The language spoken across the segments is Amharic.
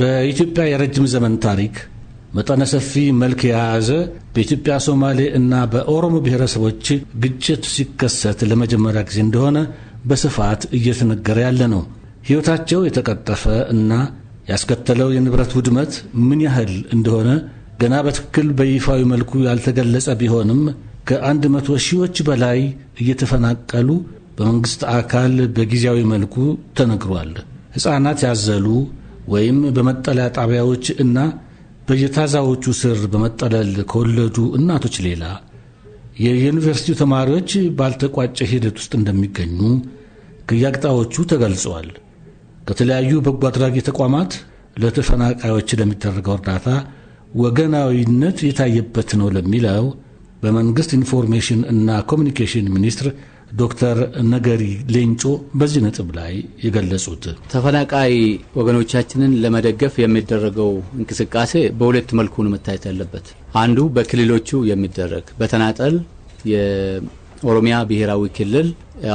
በኢትዮጵያ የረጅም ዘመን ታሪክ መጠነ ሰፊ መልክ የያዘ በኢትዮጵያ ሶማሌ እና በኦሮሞ ብሔረሰቦች ግጭት ሲከሰት ለመጀመሪያ ጊዜ እንደሆነ በስፋት እየተነገረ ያለ ነው። ሕይወታቸው የተቀጠፈ እና ያስከተለው የንብረት ውድመት ምን ያህል እንደሆነ ገና በትክክል በይፋዊ መልኩ ያልተገለጸ ቢሆንም ከአንድ መቶ ሺዎች በላይ እየተፈናቀሉ በመንግሥት አካል በጊዜያዊ መልኩ ተነግሯል። ሕፃናት ያዘሉ ወይም በመጠለያ ጣቢያዎች እና በየታዛዎቹ ስር በመጠለል ከወለዱ እናቶች ሌላ የዩኒቨርሲቲ ተማሪዎች ባልተቋጨ ሂደት ውስጥ እንደሚገኙ ከየአቅጣጫዎቹ ተገልጸዋል። ከተለያዩ በጎ አድራጊ ተቋማት ለተፈናቃዮች ለሚደረገው እርዳታ ወገናዊነት የታየበት ነው ለሚለው በመንግስት ኢንፎርሜሽን እና ኮሚኒኬሽን ሚኒስቴር ዶክተር ነገሪ ሌንጮ በዚህ ነጥብ ላይ የገለጹት ተፈናቃይ ወገኖቻችንን ለመደገፍ የሚደረገው እንቅስቃሴ በሁለት መልኩ ነው መታየት ያለበት። አንዱ በክልሎቹ የሚደረግ በተናጠል ኦሮሚያ ብሔራዊ ክልል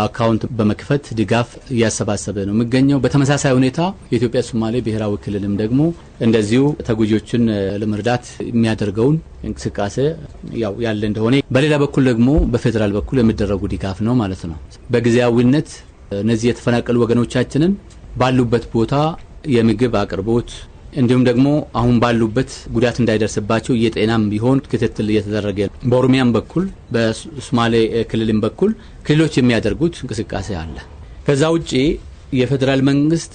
አካውንት በመክፈት ድጋፍ እያሰባሰበ ነው የሚገኘው። በተመሳሳይ ሁኔታ የኢትዮጵያ ሶማሌ ብሔራዊ ክልልም ደግሞ እንደዚሁ ተጎጂዎችን ለመርዳት የሚያደርገውን እንቅስቃሴ ያው ያለ እንደሆነ፣ በሌላ በኩል ደግሞ በፌዴራል በኩል የሚደረጉ ድጋፍ ነው ማለት ነው። በጊዜያዊነት እነዚህ የተፈናቀሉ ወገኖቻችንን ባሉበት ቦታ የምግብ አቅርቦት እንዲሁም ደግሞ አሁን ባሉበት ጉዳት እንዳይደርስባቸው የጤናም ቢሆን ክትትል እየተደረገ በኦሮሚያም በኩል በሶማሌ ክልልም በኩል ክልሎች የሚያደርጉት እንቅስቃሴ አለ። ከዛ ውጭ የፌዴራል መንግስት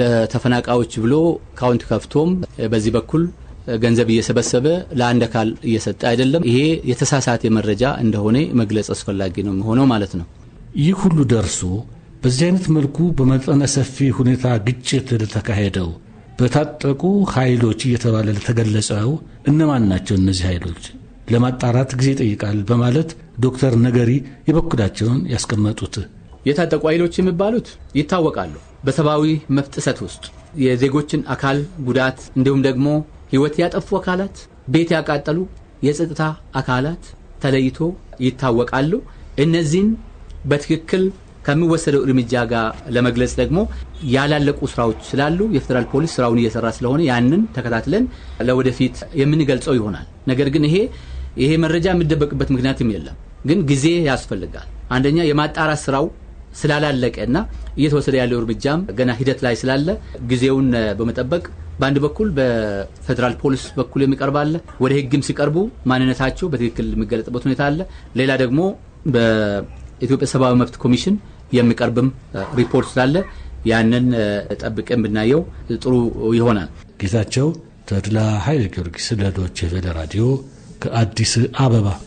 ለተፈናቃዮች ብሎ ካውንት ከፍቶም በዚህ በኩል ገንዘብ እየሰበሰበ ለአንድ አካል እየሰጠ አይደለም። ይሄ የተሳሳተ መረጃ እንደሆነ መግለጽ አስፈላጊ ነው ሆኖ ማለት ነው። ይህ ሁሉ ደርሶ በዚህ አይነት መልኩ በመጠነ ሰፊ ሁኔታ ግጭት ለተካሄደው በታጠቁ ኃይሎች እየተባለ ለተገለጸው እነማን ናቸው እነዚህ ኃይሎች ለማጣራት ጊዜ ይጠይቃል በማለት ዶክተር ነገሪ የበኩላቸውን ያስቀመጡት የታጠቁ ኃይሎች የሚባሉት ይታወቃሉ። በሰብአዊ መብት ጥሰት ውስጥ የዜጎችን አካል ጉዳት እንዲሁም ደግሞ ሕይወት ያጠፉ አካላት፣ ቤት ያቃጠሉ የጸጥታ አካላት ተለይቶ ይታወቃሉ። እነዚህን በትክክል ከሚወሰደው እርምጃ ጋር ለመግለጽ ደግሞ ያላለቁ ስራዎች ስላሉ የፌዴራል ፖሊስ ስራውን እየሰራ ስለሆነ ያንን ተከታትለን ለወደፊት የምንገልጸው ይሆናል። ነገር ግን ይሄ ይሄ መረጃ የሚደበቅበት ምክንያትም የለም፣ ግን ጊዜ ያስፈልጋል። አንደኛ የማጣራት ስራው ስላላለቀ እና እየተወሰደ ያለው እርምጃም ገና ሂደት ላይ ስላለ ጊዜውን በመጠበቅ በአንድ በኩል በፌዴራል ፖሊስ በኩል የሚቀርባለ ወደ ህግም ሲቀርቡ ማንነታቸው በትክክል የሚገለጥበት ሁኔታ አለ። ሌላ ደግሞ በኢትዮጵያ ሰብአዊ መብት ኮሚሽን የሚቀርብም ሪፖርት ስላለ ያንን ጠብቀን ብናየው ጥሩ ይሆናል። ጌታቸው ተድላ ኃይለ ጊዮርጊስ ለዶቼ ቬለ ራዲዮ ከአዲስ አበባ